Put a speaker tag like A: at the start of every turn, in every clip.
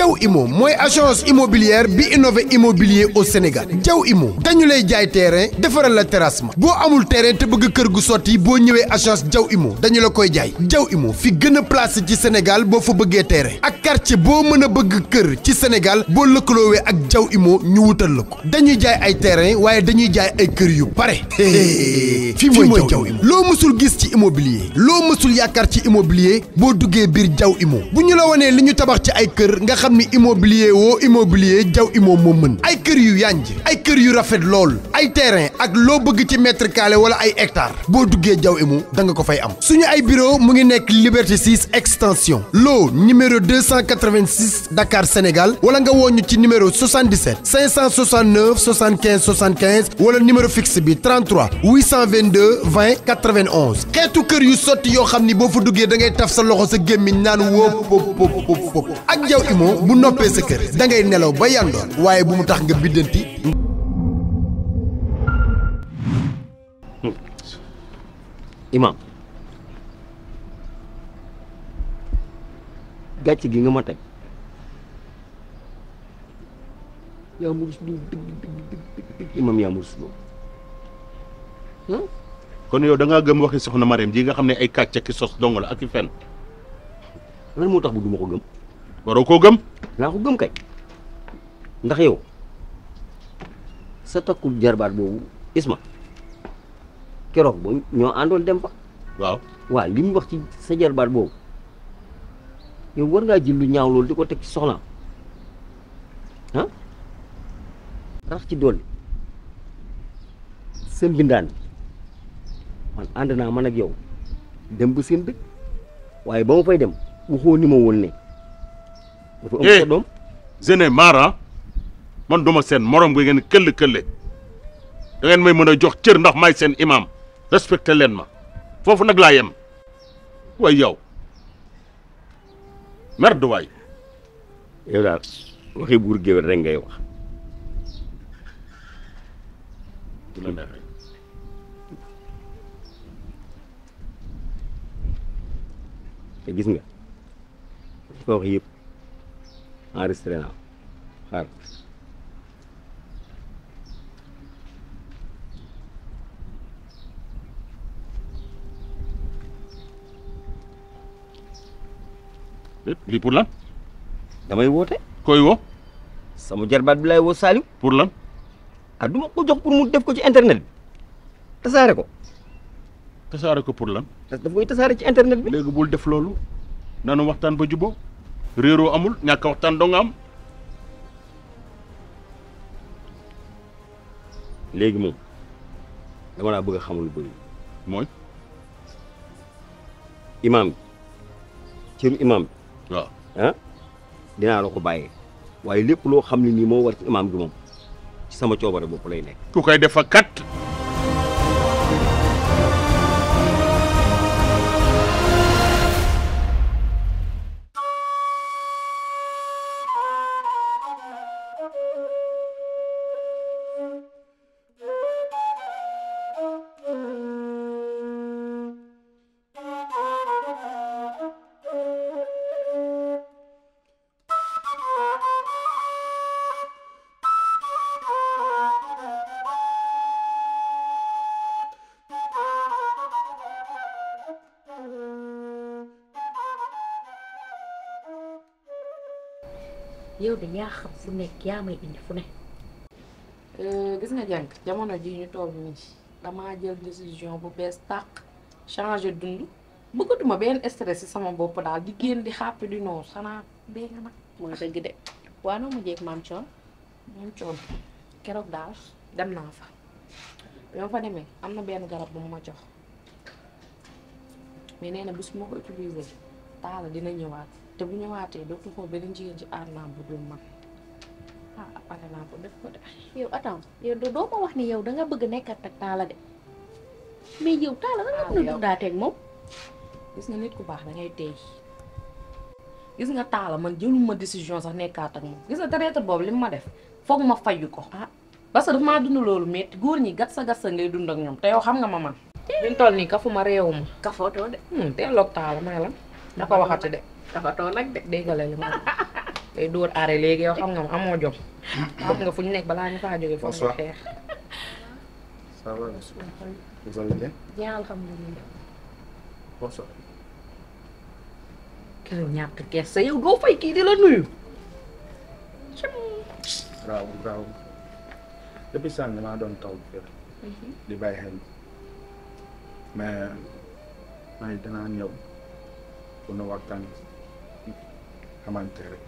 A: jaw imo moy agence immobilière bi innové immobilier au Sénégal jaw imo dañu lay jaay terrain defaral la terrassement Bo amul terrain te bëgg kër gu soti bo ñëwé agence jaw imo dañu la koy jaay jaw imo fi gëna place ci Sénégal bo fa bëggé terrain ak quartier bo mëna bëgg kër ci Sénégal bo lëkkaloowee ak jaw imo ñu wutal lako. ko dañuy jaay ay terrain waye dañuy jaay ay kër yu pare Fi mooy jaw imo Lo mësul gis ci immobilier lo mësul yaakaar ci immobilier bo duggé bir jaw imo bu ñu la wone li ñu tabax ci ay kër nga xam ni immobilier woo immobilier jaw immo moo mën ay kër yu yànj ay kër yu rafet lool ay terrain ak loo bëgg ci mètre carré wala ay hectare boo duggee jaw imu da nga ko fay am suñu ay bureau mu ngi nekk Liberté 6 extension loo numéro 286 Dakar Sénégal wala nga woo ñu ci numéro 77 569 75 75 wala numéro fixe bi 33 822 20 91 xeetu kër yu sotti yoo xam ni boo fa duggee da ngay taf sa loxo sa gémmiñ naan woo pop pop pop ak jaw imoo bu noppee sa kër da ngay nelaw ba yandoor waaye bu mu tax nga biddanti.
B: imaam gàcc gi nga ma teg yaa ma
C: rus kon yow da ngaa gëm waxi soxna Marème ji nga xam ne ay kàcc ki sos dong la ak i fen moo tax bu duma ko gëm baru ko gëm la ko gëm kay
B: ndax yow sa takku jarbar bobu isma kérok bo ño andol dem fa waaw wa ya, lim wax ci sa jarbar bobu yow war nga jël ñaaw lol di tek ci soxnaam han rax ci dool seen mbindaan man andana man ak yow ya, dem bu uhuh, seen dekk waye ba fay dem
C: waxo ni ma woon dafa ëmb eh, sa doom jeune man duma seen morom gi ngeen këll këlle da ngeen may mën a jox cër ndax may seen imam respecté leen ma foofu nag laa yem waaye yow merde waay yow daal waxi buur géwél rek ngay wax
B: te gis nga ko wax enregistré naa xaar
C: pour lan damay woote koy woo
B: sama jarbaat bi laay woo Saliou pour lan a ah, du ko jox pour mu def ko ci internet bi
C: tasaare ko tasaare ko pour lan daf koy tasaare ci internet bi léegi bul def loolu nanu waxtaan ba juboo réeroo amul ñàkk waxtaan doo am léegi moom dama laa bëgg xamul bëri mooy imaam bi
B: cëru imaam bi waaw ah dinaa la ko bàyyee waaye lépp loo xam ne nii moo war ci imaam bi moom ci sama coobare bopp lay nekk
C: ku koy defa
D: yow de yaa xam fu nekk yaa may indi fu ne. Euh, gis nga jàng jamono ji ñu toll nii damaa jël décision bu bees tàq changé dund bëggatuma benn stress ci sama bopp daal di génn di xàppi di noo xanaa dee nga nag mooy dëgg de waaye noo ma jeeg maam Thion keroog daal dem naa fa yoo fa demee am na benn garab bu mu ma jox mais nee na bis ma ko utilisé taala dina ñëwaat. te bu ñu waatee doo ko xool beneen jigéen ci aar làmb bu dul man ah, ah pare naa ko def ko de yow attends yow doo ma wax ni yow da nga bëgg nekkat ak taala de mais yow taala da nga ah, mën a dundaateeg moom gis nga nit ku baax dangay ngay tey gis nga taala man jëluma décision sax nekkaat ak moom gis nga traité boobu li ma def foog ma faju ko ah parce que dafa maa dund loolu métti góor ñi gat sa gat ngay dund ak ñoom te yow xam nga ma man. fi mu nii kafuma réewuma. kafootoo de. Hmm, teeloog taala maa la. da ko waxati de. dafa nag de déggale li ma day dóor aare léegi yow xam nga amoo jom bëgg nga fu ñu nekk balaa ñu faa jógee foofu nga xeex
C: ça va vous allez bien bien
D: dạ, alhamdulilah bonsoir kilo ñàkk kees sa yow doo fay kii di la nuyu
C: raawul raawul depuis sànq damaa doon taw bi di bàyyi xel mais may danaa ñëw pour nu waxtaan xamante rek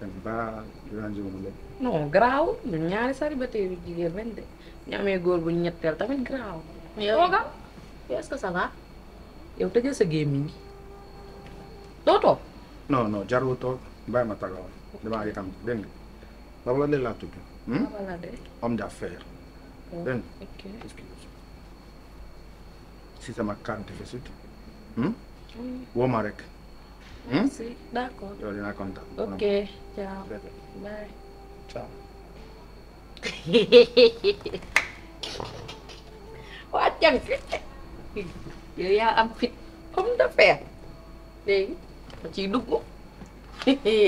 C: dem ba rangé wu lépp.
D: non garaawul ñun ñaari célibataire yu jigéen lañ de ñu góor bu ñetteel tamit garaawul. yow nga
C: yow tëjee sa gémmiñ gi doo toog. non non jarul toog bàyyi ma tagaw damaa yëg laa tudd. baba la de. homme d'affaires.
D: dégg oh, nga.
E: ok
C: si sama mm? mm. rek. Merci,
D: hmm?
E: d'accord.
C: Oke. dina kontaan. Ok,
E: ciao. Bye. Ciao.
D: waa jàng yow yaa am fit comme d'affaire léegi ma ciy dugg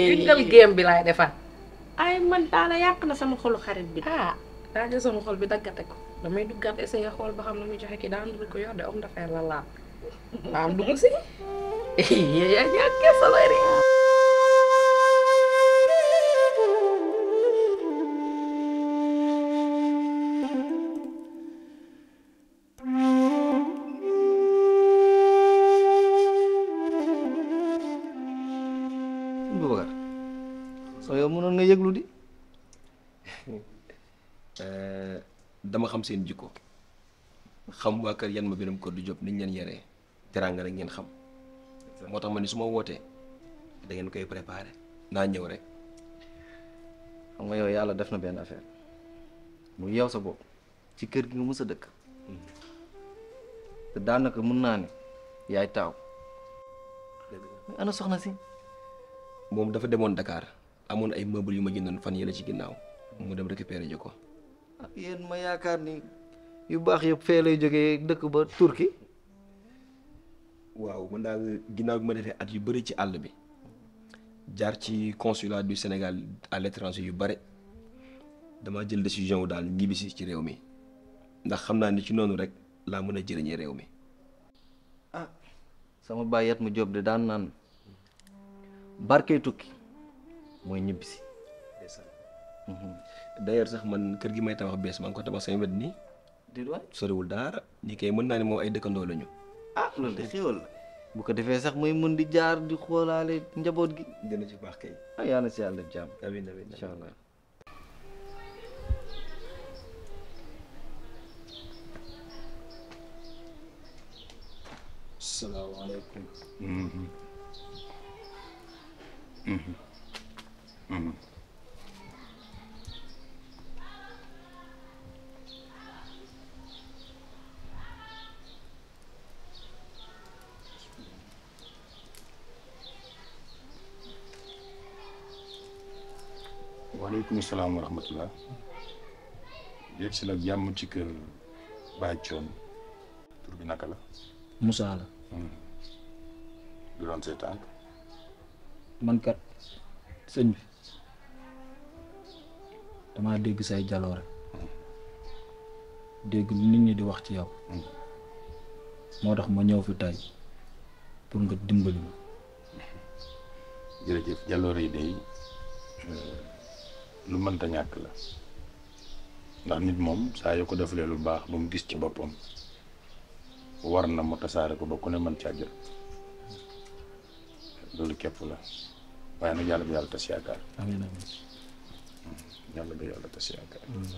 D: fitnal game bi laay ya, defar ay man daala yàq na sama xolu xarit bi ah daa sama xol bi daggate ko damay duggaat essayé xool ba xam na muy joxe ki daa am ko yor de homme d'affaire la laal daa Iya, ya, ya, iya, area.
B: Eh, dama xam seen jikko xam waa kër yan ma biram ko du job niñ leen yaree teraanga rek ngeen xam motax man ma ni su ya, ma da ngeen anu koy préparer da ñew rek. xam nga yow yalla def na ben affaire mu yow sa bopp ci kër gi nga mësa dëkk. te daanaka mun naa ne yaay taw ana soxna si. moom dafa demoon Dakar amoon ay meubles yu ma jëndoon fan yële ci ginnaaw mu dem récupérer ji ko. ah yéen ma yaakaar ni yu baax yëpp fee lay jógee dëkk ba Turki. waaw man daal ginnaaw bi ma defee at yu bëri ci àll bi jaar ci consulat du Sénégal à l'étranger yu bari damaa jël décision wu daal ñibbisi ci réew mi ndax xam naa ni ci noonu rek laa mën a jëriñee réew mi. ah sama baay yat mu Jóob de daan naan barkey tukki mooy ñibbisi. Mhm. d'ailleurs sax man kër gi may tabax bees maa ngi ko tabax sama wet nii. déedéet soriwul daara ñi kay mën naa ne moom ay dëkkandoo lañu. ah di de xéwal la mun di jaar di xoolaale njaboot gi. dina ci baax kay. ah yaa na si yàlla def
C: waaleykum warahmatullah wa rahmatullah yegg si la jàmm ci kër Baye Thion tur bi naka la. Moussa la. Hmm. lu doon say
B: tànk. man kat sëñ bi damaa dégg say jaloore hmm. dégg nit ñi di wax ci yow. Hmm. moo tax ma ñëw fi tey pour nga dimbali ma.
C: jërëjëf jaloore yi day. Eh, lu mënta ñàkk la ndax nit moom saa yu ko defalee lu baax ba mu gis ci boppam war na mu tasaare ko ba ku ne mën caa jël loolu képp la waaye nag yàlla bu yàlla tas yaakaar. amiin amiin
B: hmm, hmm.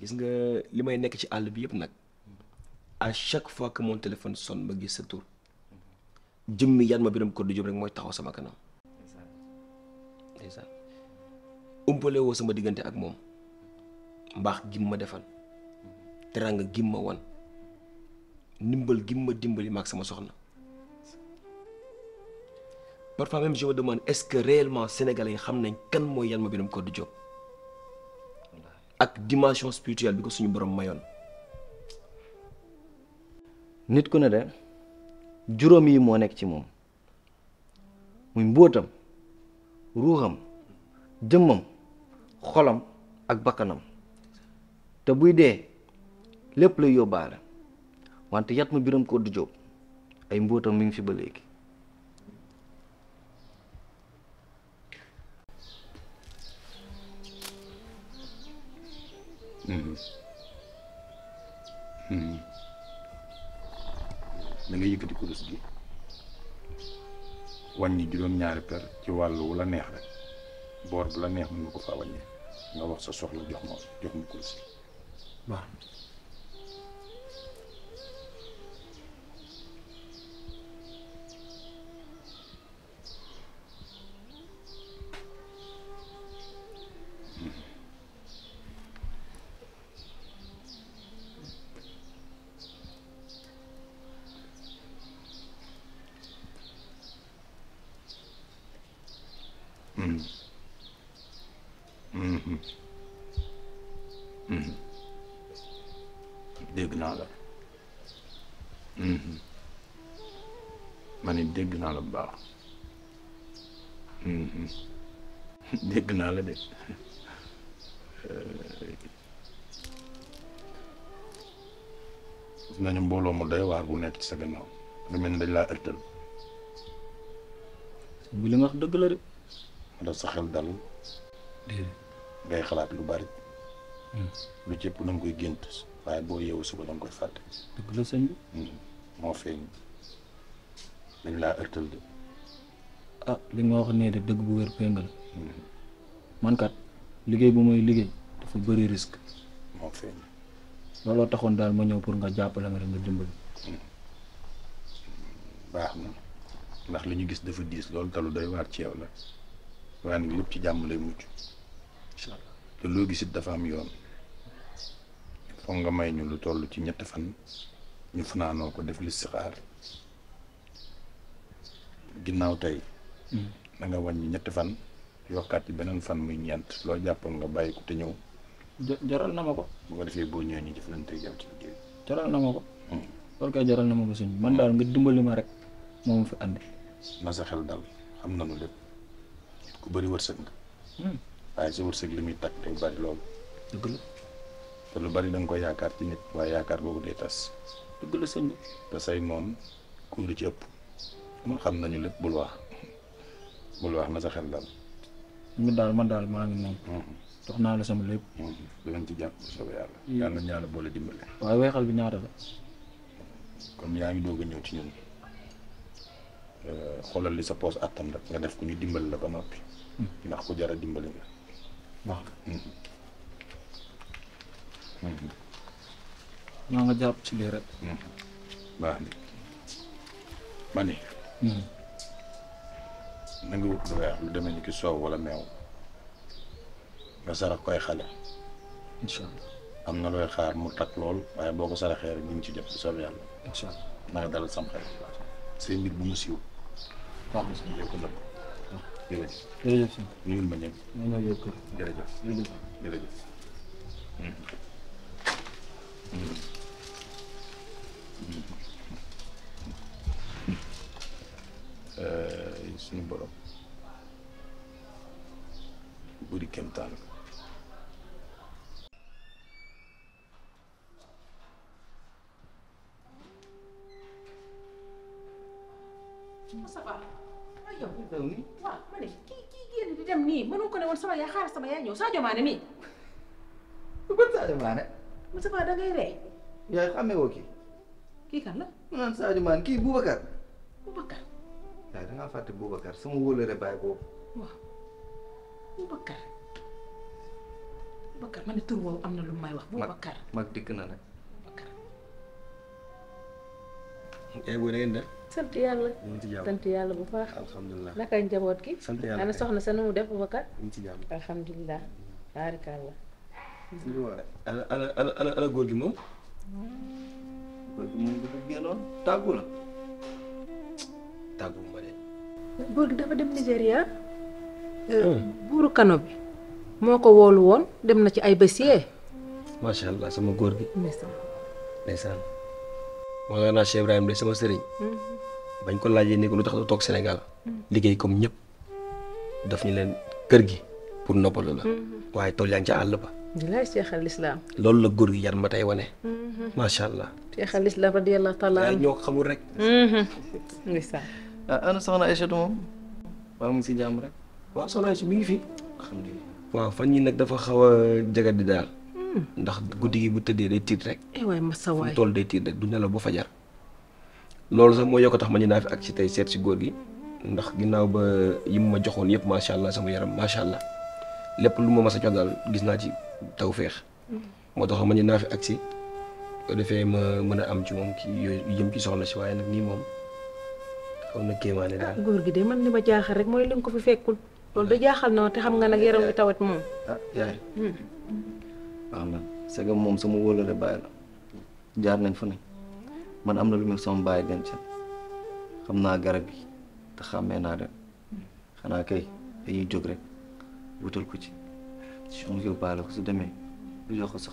B: gis nga li may nekk ci àll bi yëpp nag à chaque fois que mon téléphone sonne ma gis sa tur jëmmi yan ma biram ko du jëm rek mooy taxaw sama kanam. umpale wo sama digënté ak mom mbax gi ma défal teranga gi ma wan nimbal gi ma dimbali mak sama soxna parfois même je me demande est-ce que réellement sénégalais yi xam nañ kan mo binum ko du job ak dimension spirituelle bi ko suñu borom mayon nit ku ne de juróom yi mo nek ci mom muy mbotam ruham jëmmam xolam ak bakanam te buy dee lépp lay yóbbaale wante yat ma biram ko du jóob ay mbóotam mi ngi fi ba léegi
C: da mhm. mhm. nga yëkkati kurus gi wàññi juróom-ñaari per ci wàllu wu la neex rek boor bu la neex mën nga ko faa wàññee Non, ça sa soxla du ma jox dégg naa la mm-hmm. ma ne dégg naa la bu baax mm-hmm. dégg naa la de nañu mbooloo mu doy waar bu nekk ci sa gannaaw lu mel ni dañ laa ëttal bu li nga wax dëgg la de ma daf sa xel dalul ngay xalaat lu bari mm. lu cëpp na nga koy gént waaye boo yeewu suba da nga koy fàtte. dëgg la sëñ mm-hmm. moo feeñ dañ laa ërtal de.
B: ah li nga wax ne de dëgg bu wér péngal mm-hmm. man kat liggéey bu mooy liggéey dafa bëri risque. moo looloo taxoon daal ma ñëw pour nga
C: jàppale ma rek nga dimbali. Mm-hmm. baax na ndax li ñu gis dafa diis loolu talu doy waar ci yow la waaye nag lépp ci jàmm lay mucc te loo gisit dafa am yoon. foog nga may ñu lu tollu ci ñetti fan ñu fanaanoo ko def listixaar ginnaaw tey da hmm. nga wàññi ñetti fan yokkaat yi beneen fan muy ñeent loo jàppoon nga bàyyi ko te ñëw jaral na ma ko bu ko defee boo ñëwee ñu jëflante yow ci liggéey
B: jaral na ma ko hmm. loolu kay jaral na ma ko suñ man daal nga dimbali ma rek moom fi andi
C: na sa xel dal xam nañu lépp ku bëri wërsëg nga hmm. waaye sa wërsëg li muy takk day bari loolu dëgg la te lu bari da ko yaakaar ci nit waaye yaakaar boobu day tas. dëgg la sëñ bi. te say noon ku ci ëpp mun xam nañu lépp bul wax bul wax na sa xel daal.
B: ñun daal man daal maa ngi
C: moom. dox mhm. naa la sama lépp. Mhm. danañ ci jàpp bu soobee yàlla. yàlla ñaala boole dimbale.
B: waaye weexal bi ñaata la.
C: comme yaa ngi doog a ñëw ci ñun euh, xoolal li sa poos attan rek nga def ku ñu dimbali la ba noppi. Hmm. ndax ku jar a dimbali nga.
B: maa nga jàpp ci lii
C: rek. Mm-hmm. baax na ma ni. Mm. na wut lu weex lu demee ni ki soow wala meew nga sarax koy xale. incha am na looy xaar mu takk lool waaye boo ko saraxee rek ñu ngi ci jot ci soob yàlla. incha allah dalal sam xel. seen mbir bu mu siiw. si. Eh, suñu borom buri kemtaan
E: Moustapha waaw ah, yow waaw ma ne kii kii génn di dem nii mënu ko ne woon sama yaay xaar sama yaay ñëw Sadio Mané mii
B: ban Sadio Mané
E: Moustapha da ngay ree.
B: yaay xàmmee woo kii. kii la. mu naan Sadio Mané kii Boubacar. Boubacar. yaay da ngaa fàtte Boubacar sama wóolare baay boobu.
E: waaw Boubacar. Boubacar ma ne tur woowu am na lu may wax. Boubacar
B: mag dikk na nag. Eh? Boubacar. yaay eh, boo da ngeen def. Eh?
E: sant yàlla. sant yàlla bu baax. alhamdulilah naka njaboot gi. sant yàlla soxna sa nu mu def Boubacar. ñu
B: ngi ci jàmm ana ana ana ana góor gi moom. góor gi moom
E: dafa dem Nigéria. Euh, buuru kano bi moo ko woolu dem na ci ay allah sama góor gi. ndeysaan
B: ndeysaan. Cheikh Ibrahima de sama sëriñ. bañ ko laajee ne ko lu tax du toog Sénégal. comme ñëpp daf ñu leen kër gi pour noppalu la. ba
E: bilaay seexal lislaam
B: loolu la góor gi yar ma tey wane. macha allah.
E: seexal lislaam radiyallahu taala.
B: ñoo xamul rek. ndeysaan. ah ana soxna Aïchatou moom. waaw mu ngi si rek. waaw soxna mi fi. fan dafa jaga di daal. ndax guddi gi bu day rek.
E: eh waay masawaay fu toll
B: day tiit rek du nelaw fajar. loolu sax moo yokk tax ma ñu naa fi ak si tey seet si ndax ba allah sama yaram macha allah lépp lu ma mas a gis ci. taw féex moo tax ma ne naa fi agsi ko defee ma mën a am ci moom ki yooyu jëm ci soxla si waaye nag nii moom am na kéemaane daal ah,
E: góor gi de man li ma jaaxal rek mooy li ko fi fekkul loolu da jaaxal na te xam nga nag yaram bi tawat moom
B: ah, hmm. moom sama wóolale bàyyi nañ fa ne am na lu mu sama bàyyi denc xam naa garab yi te xàmmee naa dem hmm. xanaa kay dañuy jóg rek wutal ko ci Chon ko su demee lu jox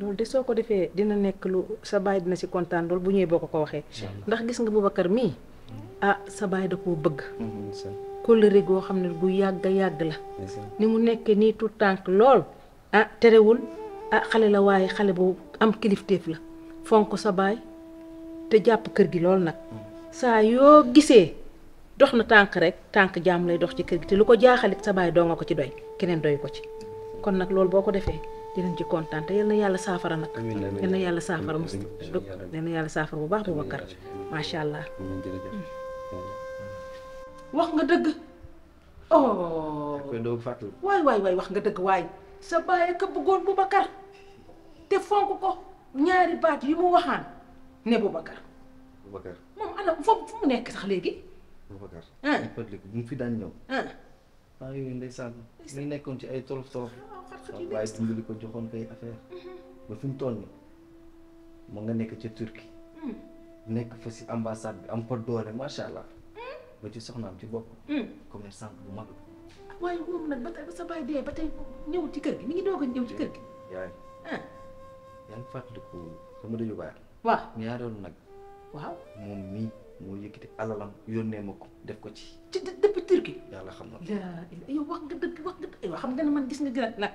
E: loolu de soo ko defee dina nekk lu sa baay dina si kontaan loolu bu ñëwee boo ko ko waxee. ndax gis nga Boubacar mii mm-hmm. ah sa baay da koo bëgg. Mm-hmm, kóllëre goo xam ne gu yàgg yàgg la. ni mu nekkee nii tout tànk lool ah terewul ah xale la waaye xale bu am kilifteef la fonk sa baay te jàpp kër gi lool nag mm-hmm. saa yoo gisee dox na tànk rek tànk jaam lay dox ci kër gi te lu ko jaaxalit sa baay doo nga ko ci doy keneen doy ko ci. kon nak loolu boko defé dinañ ci kontaan yalla yalla safara nak saafara yalla safara na yàlla yalla safara bu baax bu bakkar sha allah wax nga deug oh way way way wax nga deug way sa baye ke bëggoon bu bakkar te fonku ko ñaari baat yi mu waxaan ne bu bakkar moom ana fu mu nekk sax léegi bu bakkar hein
B: ah. mu fi daan ñëw ah. temps yooyu ndeysaan nekkoon ci ay tolof tolof
E: ah,
B: waaye dimbali ko joxoon koy affaire mm-hmm. ba fi mu toll nii nga nekk ci turki mm. nekk fa si ambassade bi am fa doole macha allah mm. ba ci soxnaam ci bopp mm. commerçant bu mag
E: waaye moom nag ba tey ba sa baay dee ba tey ñëw ci kër gi mi ngi doog a ñëw ci kër gi yaa ah.
B: ngi fàttaliku sama dëju baay waaw ñaareelu nag waaw moom mii moo yëkkati alalam yónnee ma ko def ko ci. ci depuis Turquie. yàlla xam na
E: yow wax nga dëgg wax nga dëgg wax xam nga ne man gis nga gën a nag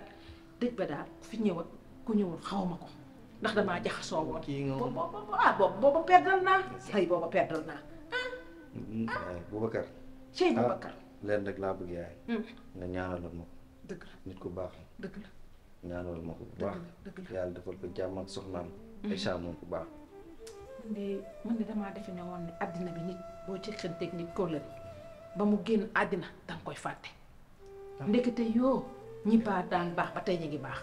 E: dëj ba daal fi ñëwal ku ñëwul xaw ma ko ndax damaa jaxasoo woon. kii nga woon ah boobu boobu perdal naa. ay boobu perdal naa ah.
B: Mm-hmm. ah. Eh, Boubacar. Cheikh ah, Boubacar leen rek laa bëgg yaay. Mm. nga ñaanalal ma ko. dëgg la nit ku baax. dëgg la ñaanalal ma ko bu baax. dëgg la yàlla defal ko jàmm ak soxnaam. Mm-hmm. Aïcha moom ku baax.
E: mais man de damaa defe ne woon ne àddina bi nit boo ci xënteeg nit kóllëre ba mu génn àddina danga koy fàtte ah. ndekete yoo ñi baax daan baax ba tey ñu ngi baax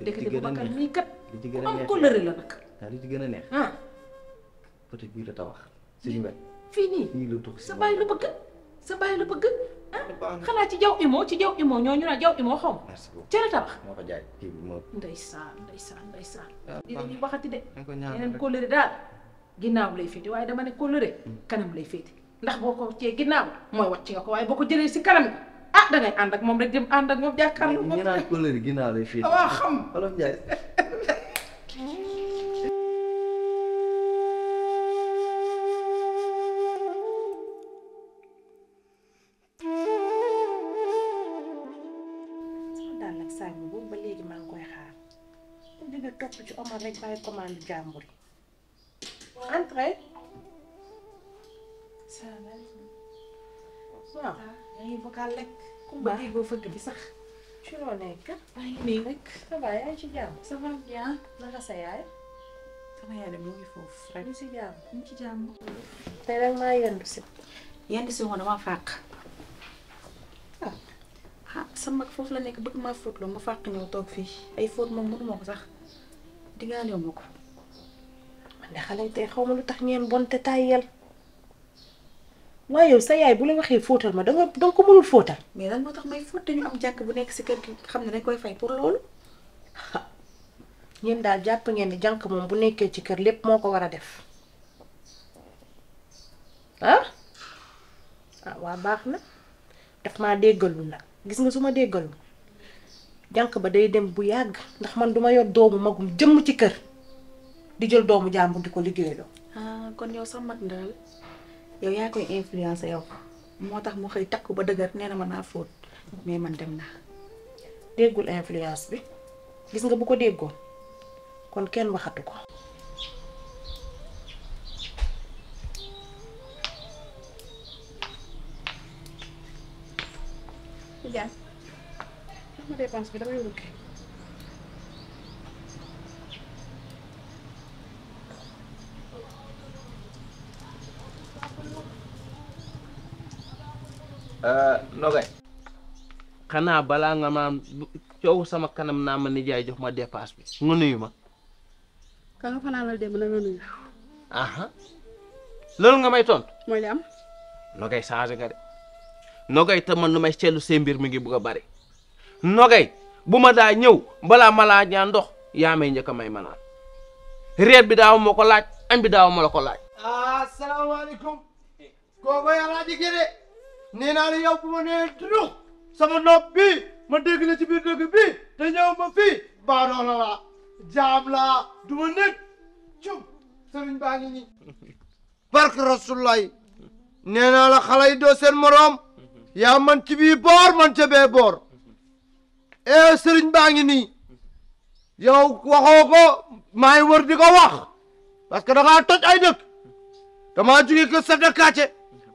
E: ndekete bu bakkan nii kat
B: ku am kóllëre la ah, ci gën a neex ah bii la fii nii nii la sa bàyyi la
E: bëgg sa bàyyi la bëgg ah xanaa ci jaw imo ci jaw imo ñoo ñu naan jaw imo xaw ma ca la tabax moo ko
B: jaay kii bi moo
E: ndeysaan ndeysaan ndeysaan di ah, waxati de
B: yeneen kóllëre
E: daal ginnaw lay fété waye dama né ko kóllëre hmm. kanam lay fété ndax boko ci ginnaw moy wacc nga ko waye boko jëlé ci kanam ah da ngay and ak mom rek dem and ak mom jakkar
B: lu moom. ñu ko kóllëre ginnaw lay fété wa xam
F: wala ñay
E: daal nag saa boobu ci Omar rek bàyyi commande jàmbur entrez. salaamaaleykum. waaw yaa ngi lekk. kumba déggoo fëgg bi sax. ci loo nekk. maa ngi nii rek. ça va ci jàmm. ça va bien. naka sa yaay. sama yaay mu ngi foofu rek. ñu ci jàmm ñu ci jàmm. tey rek maa yendu si. yendu si woon dama fàq. ah, ah mag foofu la nekk bëgg maa fóotloo ma fàq ñëw toog fii ay fóot moom mënuma ko sax diggaale ma ko. man de xale tey xaw ma lu tax ngeen bon te tàyyel waaye yow sa yaay bu la waxee fóotal ma danga danga ko mënul fóotal. mais lan moo tax may fóot dañu am jàkk bu nekk si kër gi xam ne dañ koy fay pour loolu. ñeen daal jàpp ngeen ni jànk moom bu nekkee ci kër lépp moo ko war a def ah ah waa baax na daf maa déggalu nag gis nga su ma déggalu jànk ba day dem bu yàgg ndax man duma yor doomu magum jëmm ci kër. di jël doomu jambu diko ko liggéeyloo. ah kon yow sa mag ndal yow yaa koy influencer yow motax mo xey takku ba deugar neena ma na foot mais man dem na déggul influence bi gis nga bu ko déggoon kon kenn waxatu ko. Diagne. dépense bi damay wëkkee.
G: Euh, Nogay. xanaa balaa nga maam coow sama kanam naa ma nijaay jox ma dépasse bi
F: nga nuyu ma.
E: ka nga fanaanal dem na
G: loolu nga may tontu. mooy li am. Nogay changé nga de Nogay te nu may seetlu seen mbir mi ngi bugg a bari Nogay bu ma daa ñëw balaa ma laa ñaan ndox yaa may njëkk a may ma naan reer bi daaw ko laaj añ bi daaw ma la ko laaj.
F: asalaamaaleykum. kooku yàlla ji de. nee naa la yow bu ma nee sama nopp ma dégg la ci biir dëgg bi te ñëw ma fii baadoola laa jaam laa du nekk cub sëriñ baa ngi nii barke rasulullah nee la xale yi moroom yaa man ci bii boor man ca boor eh sëriñ baa ngi ni yow waxoo ko maa ngi wër di ko wax parce que da ngaa ay dëkk damaa jóge ko sa dëkkaace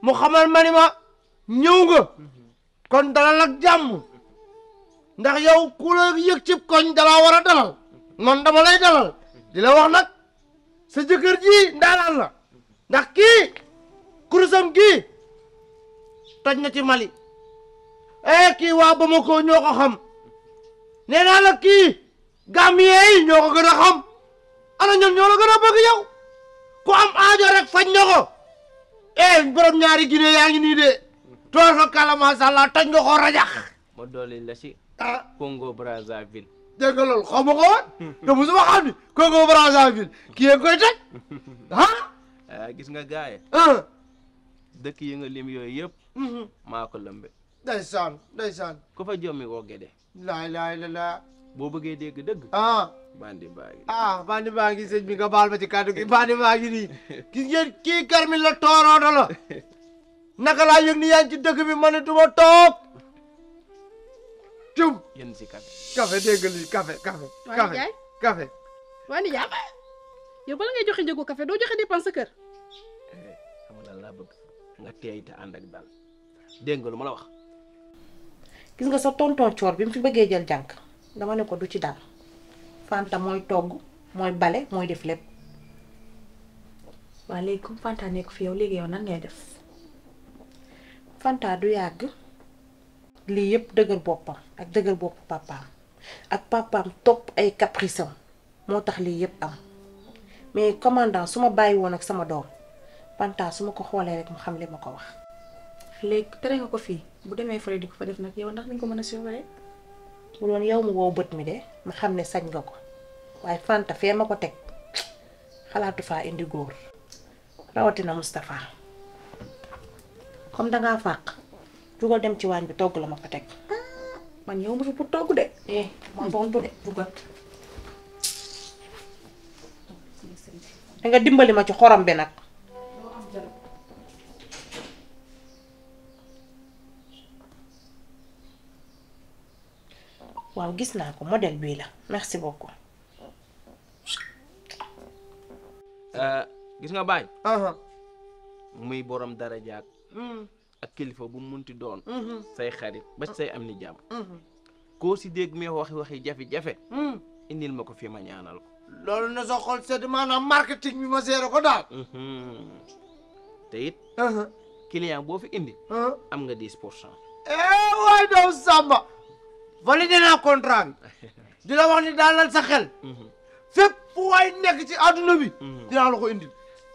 F: mu xamal ma ma ñew nga kon dalal ak yau ndax yow ku la yëg cib koñ dalaa wara dalal non dama lay dalal di wax nak sa jëkër ji ndalal la ndax ki kurusam gi toj na ci Mali eh ki wa Bamako ñoo ko xam neena la ki Gambien ñoko gëna xam ana ñom ñoo la bëgg yow ku am aajo rek fañ ñoko eh borom ñaari gine yaangi ni de. toor fa kala macha allah toj nga ko rajax
G: ma dolli la ci ah Congo Brazzaville
F: dégg nga loolu xaw ma ko woon te mosuma xam ni Congo Brazzaville kii yéen koy toj ah
G: gis nga gars yi ah. dëkk yi lim yooyu yëpp mhm. maa ko lëmbe
F: ndeysaan ndeysaan
G: fa jommi woo gede
F: laa laa la laa boo bëggee dégg dëgg ah. bandi baa ngi ah bandi baa la tooroo la naka la yeug ni yaa ci deug bi man duma tok cum yeen ci café café dégg li café café café café
E: wani iya. ya jaay yow bala ngay joxe njëgu café do joxe dépense sa kër
G: xam nga lan bëgg nga tey ta and ak dal dégg nga lu ma wax
E: gis nga sa tonton coor bi mu fi bëggee jël jank dama ne ko du ci dal Fanta moy togg moy balé moy def lepp waa léegi Fanta nek fi yow léegi yow nan ngay def Fanta du yàgg lii yëpp dëgër boppam ak dëgër bopp papaam ak papaam topp ay caprice moo tax lii yëpp am mais commandant su ma bàyyi woon ak sama doom Fanta su ma ko xoolee rek mu xam li ma ko wax. léegi tere ko fii bu demee fële di ko fa yow ndax nañ ko mën a surveiller. bu doon yow mu wow bët mi de ma xam ne sañ nga ko waaye Fanta fee ma ko teg xalaatu faa indi góor rawatina Moustapha. comme dangaa fàq jugal dem ci waañ bi togg la ma ko teg man yow ma fi pour togg de eh man danga dimbali ma ci xorom bi nag waaw gis naa ko model bii la merci beaucoup.
G: Euh, gis nga baañ. muy borom darajaak mm-hmm. ak kilifa bu munti doon mm-hmm. say xarit ba mm-hmm. say am ni jàmm koo si dégg mee waxi waxi jafe-jafe indil ma ko fii ma ñaanal ko
F: loolu na sa xol sedd maanaam marketing bi ma seere ko
G: daal te it uh-huh. boo fi indi uh-huh. am nga dix pour cent
F: eh, waay doow naa contrat bi la wax ni daalal sa xel fépp fu nekk ci adduna bi dinaa la ko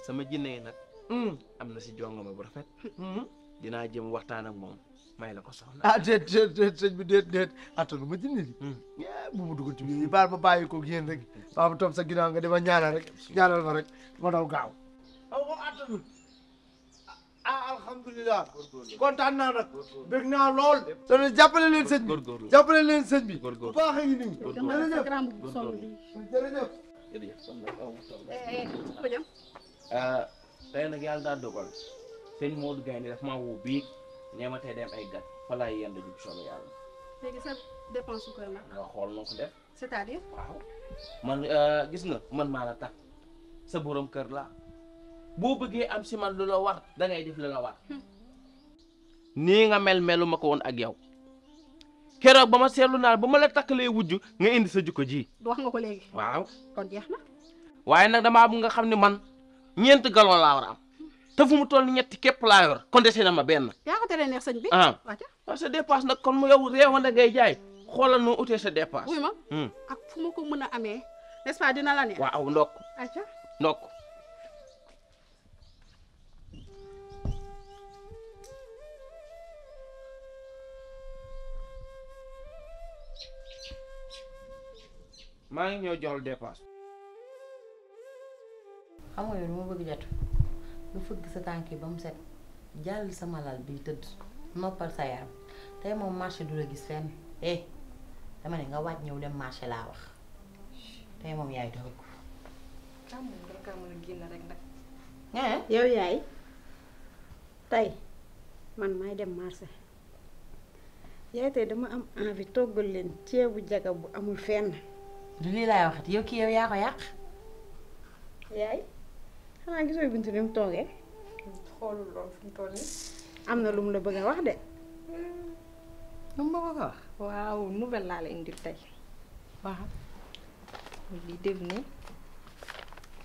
G: sama jinne yi nag mm. am na si jongoma bu rafet. Hmm. dinaa jëm waxtaan ak moom may la ko soxna. ah déet
F: déet déet sëñ bi ma jënd li. Hmm. Eh, bu mu dugg ci biir baal ma bàyyi ko yéen rek baal ma topp sa ginnaaw nga dama ñaanal rek ñaanal ma rek ma daw gaaw. aw ko attanu ah, ah alhamdulilah kontaan naa nag bëgg lool. loolu jàppale leen sëñ bi jàppale leen sëñ bi.
G: bu tay nak yalla da dogal seen Modou Gaynde daf maa woo biig nee ma tey dem ay gat fa laay yalla jub solo yalla
E: legi sa dépense ko nak nga xol nak def. c'est-à-dire. waaw
G: man euh, gis nga man maa la tax sa borom keur la bo beugé am si man lu la war da ngay def lu la war. Hmm. ni nga mel melu mako won ak yow. kéro ba ma seetlu naa ba ma la takkalee wujj nga indi sa jikko ji. wax nga ko legi waaw kon jeex na. waaye nag damaa nga xamni man. ñeent galon laa war a am te fu mu toll ñetti képp laa yor kon dese na ma benn.
E: yaa ko teree neex sëñ bi. ah, ah
G: sa dépense nag kon mu yow réewande ngay jaay xoolal noo utee sa dépense. wuy ma hmm.
E: ak fu ma ko mën a amee n'est-ce pas dina la neex.
G: waaw ndokk ndokk. maa ngi ñëw joxal dépense.
A: xam nga yow dama
E: bëgg jatu lu fëgg sa tànk yi ba mu set jàll sama lal bi tëdd noppal sa yaram tey moom marché du la gis fenn eh dama ne nga waaj ñëw dem marché laa wax tey moom yaay doog.
D: kàmm nga kàmm rek
E: nag. tey man dem marché yaay tey dama leen ceebu jaga bu amul fenn. du lii laay waxati yow kii yow yaa ko yàq. yaay. xanaa gisoo bintu ni mu toogee. xoolul loolu fi mu toll am na lu mu la bëgg a wax de. Hmm. lu mu bëgg a wax. waaw nouvelle laa la indil tey. waaw. lii deviner.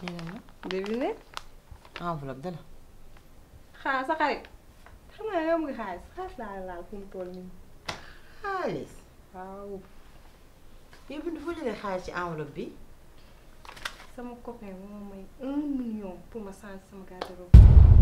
E: ñu ne ma. deviner. enveloppe de sa xarit. xam nga yow nga xaalis xaalis laa laal fi mu toll nii. xaalis. waaw. yow bi dafa jëlee xaalis ci enveloppe bi.
D: sama copain moo may un million pour ma changer sama garde